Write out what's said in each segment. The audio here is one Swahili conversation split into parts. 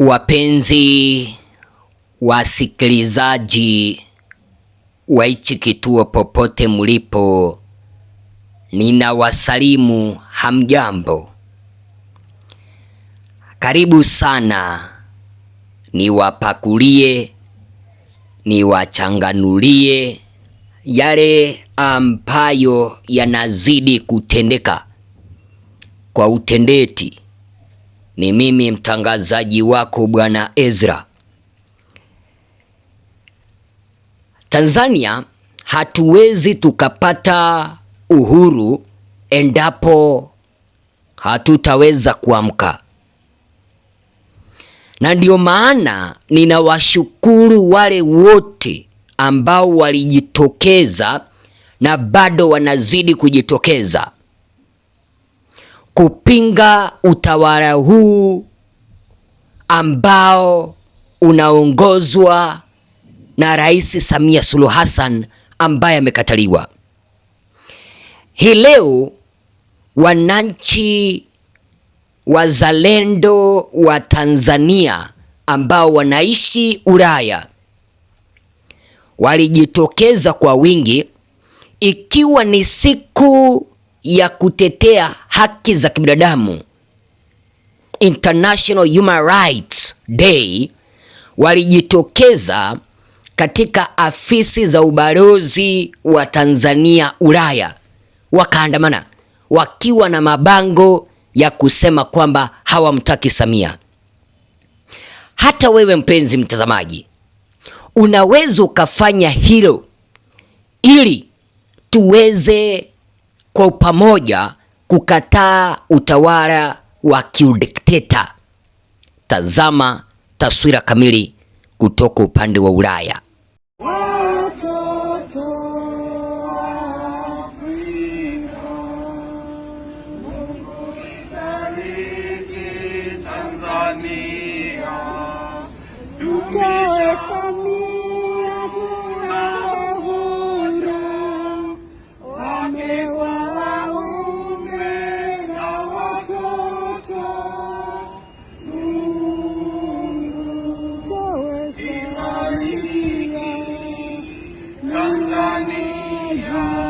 Wapenzi wasikilizaji wa hichi kituo popote mlipo, ninawasalimu hamjambo. Karibu sana, niwapakulie niwachanganulie yale ambayo yanazidi kutendeka kwa utendeti ni mimi mtangazaji wako Bwana Ezra. Tanzania hatuwezi tukapata uhuru endapo hatutaweza kuamka. Na ndio maana ninawashukuru wale wote ambao walijitokeza na bado wanazidi kujitokeza kupinga utawala huu ambao unaongozwa na Rais Samia Suluhu Hassan ambaye amekataliwa. Hii leo wananchi wazalendo wa Tanzania ambao wanaishi Ulaya walijitokeza kwa wingi ikiwa ni siku ya kutetea haki za kibinadamu International Human Rights Day walijitokeza katika afisi za ubalozi wa Tanzania Ulaya, wakaandamana wakiwa na mabango ya kusema kwamba hawamtaki Samia. Hata wewe mpenzi mtazamaji, unaweza ukafanya hilo ili tuweze kwa pamoja kukataa utawala wa kiudikteta. Tazama taswira kamili kutoka upande wa Ulaya. come.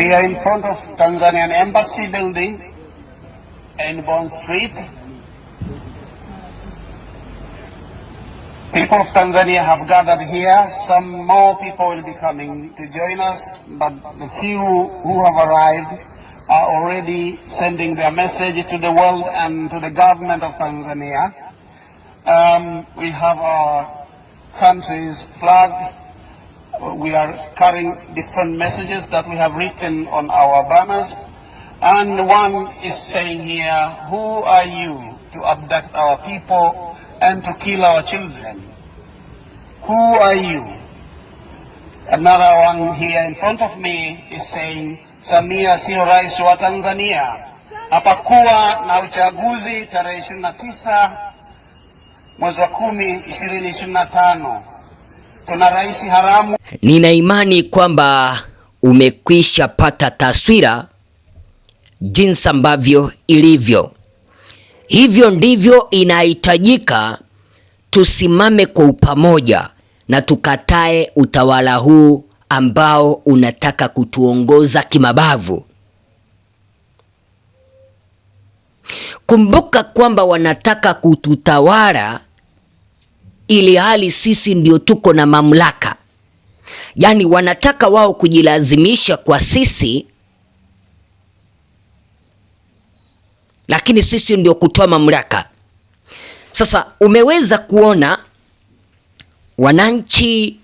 We are in front of Tanzanian Embassy building in Bond Street. People of Tanzania have gathered here. Some more people will be coming to join us, but the few who have arrived are already sending their message to the world and to the government of Tanzania. Um, we have our country's flag we are carrying different messages that we have written on our banners. And one is saying here, who are you to abduct our people and to kill our children? Who are you? Another one here in front of me is saying, Samia sio rais wa Tanzania. Hapakuwa na uchaguzi tarehe 29 mwezi wa 10 2025. kuna rais haramu. Nina imani kwamba umekwisha pata taswira jinsi ambavyo ilivyo. Hivyo ndivyo inahitajika tusimame kwa upamoja na tukatae utawala huu ambao unataka kutuongoza kimabavu. Kumbuka kwamba wanataka kututawala ili hali sisi ndio tuko na mamlaka. Yaani wanataka wao kujilazimisha kwa sisi, lakini sisi ndio kutoa mamlaka. Sasa umeweza kuona wananchi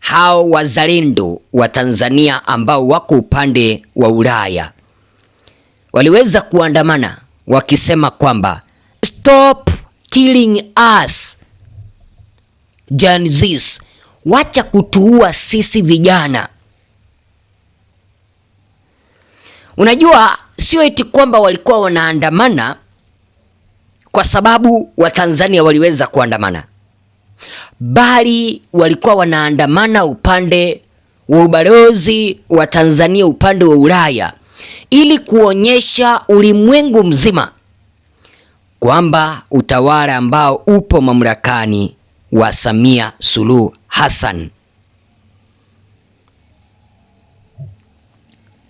hao wazalendo wa Tanzania ambao wako upande wa Ulaya waliweza kuandamana wakisema kwamba stop killing us Gen Z, wacha kutuua sisi vijana. Unajua, sio eti kwamba walikuwa wanaandamana kwa sababu Watanzania waliweza kuandamana, bali walikuwa wanaandamana upande wa ubalozi wa Tanzania upande wa Ulaya, ili kuonyesha ulimwengu mzima kwamba utawala ambao upo mamlakani wa Samia Suluhu Hassan.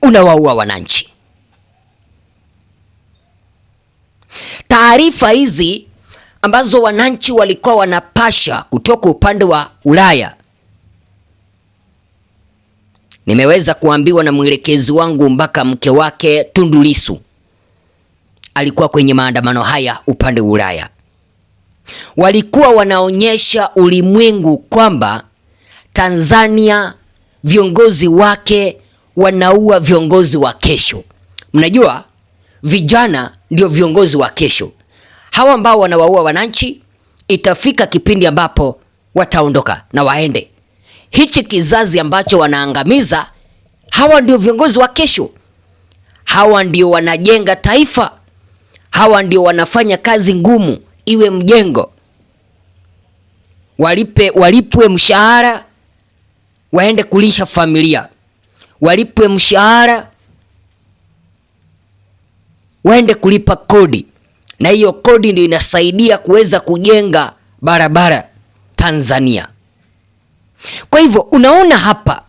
Unawaua wananchi. Taarifa hizi ambazo wananchi walikuwa wanapasha kutoka upande wa Ulaya, nimeweza kuambiwa na mwelekezi wangu mpaka mke wake Tundu Lissu alikuwa kwenye maandamano haya upande wa Ulaya walikuwa wanaonyesha ulimwengu kwamba Tanzania viongozi wake wanaua viongozi wa kesho. Mnajua vijana ndio viongozi wa kesho. Hawa ambao wanawaua wananchi, itafika kipindi ambapo wataondoka na waende. Hichi kizazi ambacho wanaangamiza, hawa ndio viongozi wa kesho. Hawa ndio wanajenga taifa. Hawa ndio wanafanya kazi ngumu iwe mjengo, walipe walipwe mshahara waende kulisha familia, walipwe mshahara waende kulipa kodi, na hiyo kodi ndio inasaidia kuweza kujenga barabara Tanzania. Kwa hivyo unaona hapa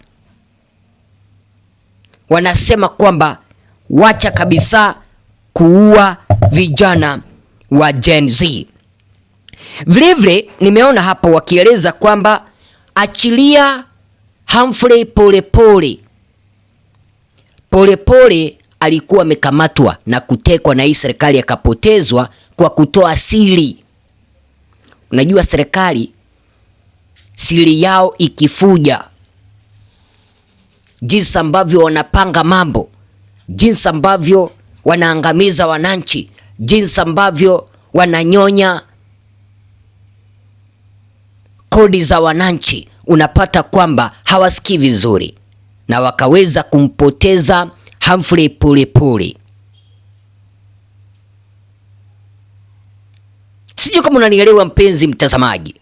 wanasema kwamba wacha kabisa kuua vijana wa Gen Z. Vilevile nimeona hapa wakieleza kwamba achilia Humphrey Polepole. Polepole alikuwa amekamatwa na kutekwa na hii serikali akapotezwa kwa kutoa siri. Unajua serikali siri yao ikifuja, jinsi ambavyo wanapanga mambo, jinsi ambavyo wanaangamiza wananchi, jinsi ambavyo wananyonya kodi za wananchi, unapata kwamba hawasikii vizuri na wakaweza kumpoteza Humphrey Polepole. Sijui kama unanielewa mpenzi mtazamaji.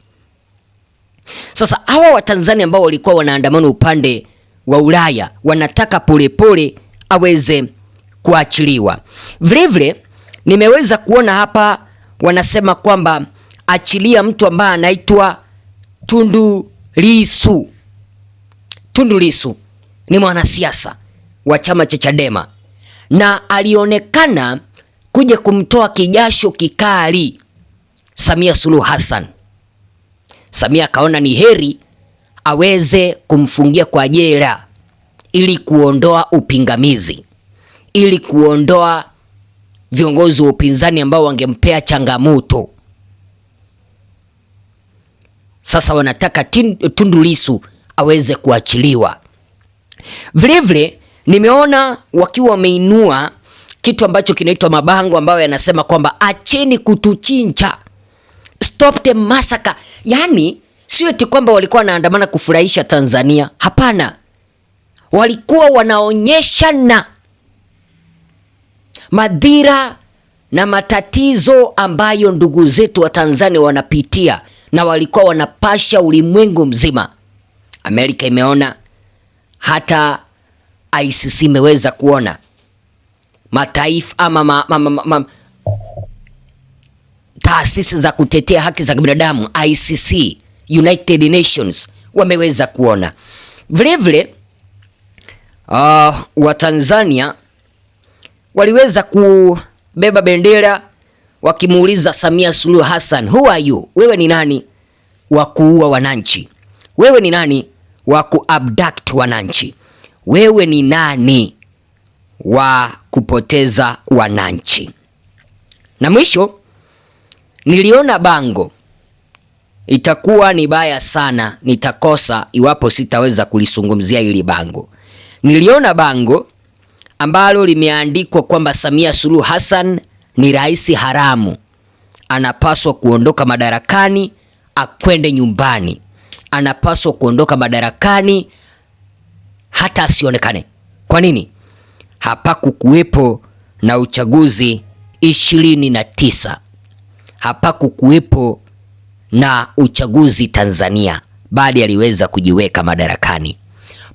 Sasa hawa Watanzania ambao walikuwa wanaandamana upande wa Ulaya wanataka Polepole aweze kuachiliwa. Vilevile Nimeweza kuona hapa wanasema kwamba achilia mtu ambaye anaitwa Tundu Lissu. Tundu Lissu ni mwanasiasa wa chama cha Chadema na alionekana kuja kumtoa kijasho kikali Samia Suluhu Hassan. Samia akaona ni heri aweze kumfungia kwa jela ili kuondoa upingamizi, ili kuondoa viongozi wa upinzani ambao wangempea changamoto. Sasa wanataka Tundu Lissu aweze kuachiliwa. Vilevile nimeona wakiwa wameinua kitu ambacho kinaitwa mabango ambayo yanasema kwamba acheni kutuchinja, stop the massacre. Yaani sio eti kwamba walikuwa wanaandamana kufurahisha Tanzania, hapana, walikuwa wanaonyeshana madhira na matatizo ambayo ndugu zetu wa Tanzania wanapitia na walikuwa wanapasha ulimwengu mzima. Amerika imeona, hata ICC imeweza kuona mataifa ama ma, ma, ma, ma, taasisi za kutetea haki za binadamu ICC, United Nations wameweza kuona vilevile. Uh, ah, Watanzania waliweza kubeba bendera wakimuuliza Samia Suluhu Hassan, who are you? Wewe ni nani wa kuua wananchi? Wewe ni nani wa kuabduct wananchi? Wewe ni nani wa kupoteza wananchi? Na mwisho niliona bango, itakuwa ni baya sana, nitakosa iwapo sitaweza kulisungumzia hili bango. Niliona bango ambalo limeandikwa kwamba Samia Suluhu Hassan ni rais haramu, anapaswa kuondoka madarakani akwende nyumbani, anapaswa kuondoka madarakani hata asionekane. Kwa nini? Hapakukuwepo na uchaguzi ishirini na tisa, hapakukuwepo na uchaguzi Tanzania, bali aliweza kujiweka madarakani.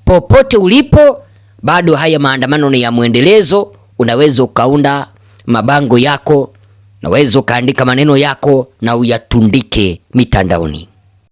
Popote ulipo bado haya maandamano ni ya mwendelezo. Unaweza ukaunda mabango yako, unaweza ukaandika maneno yako na uyatundike mitandaoni.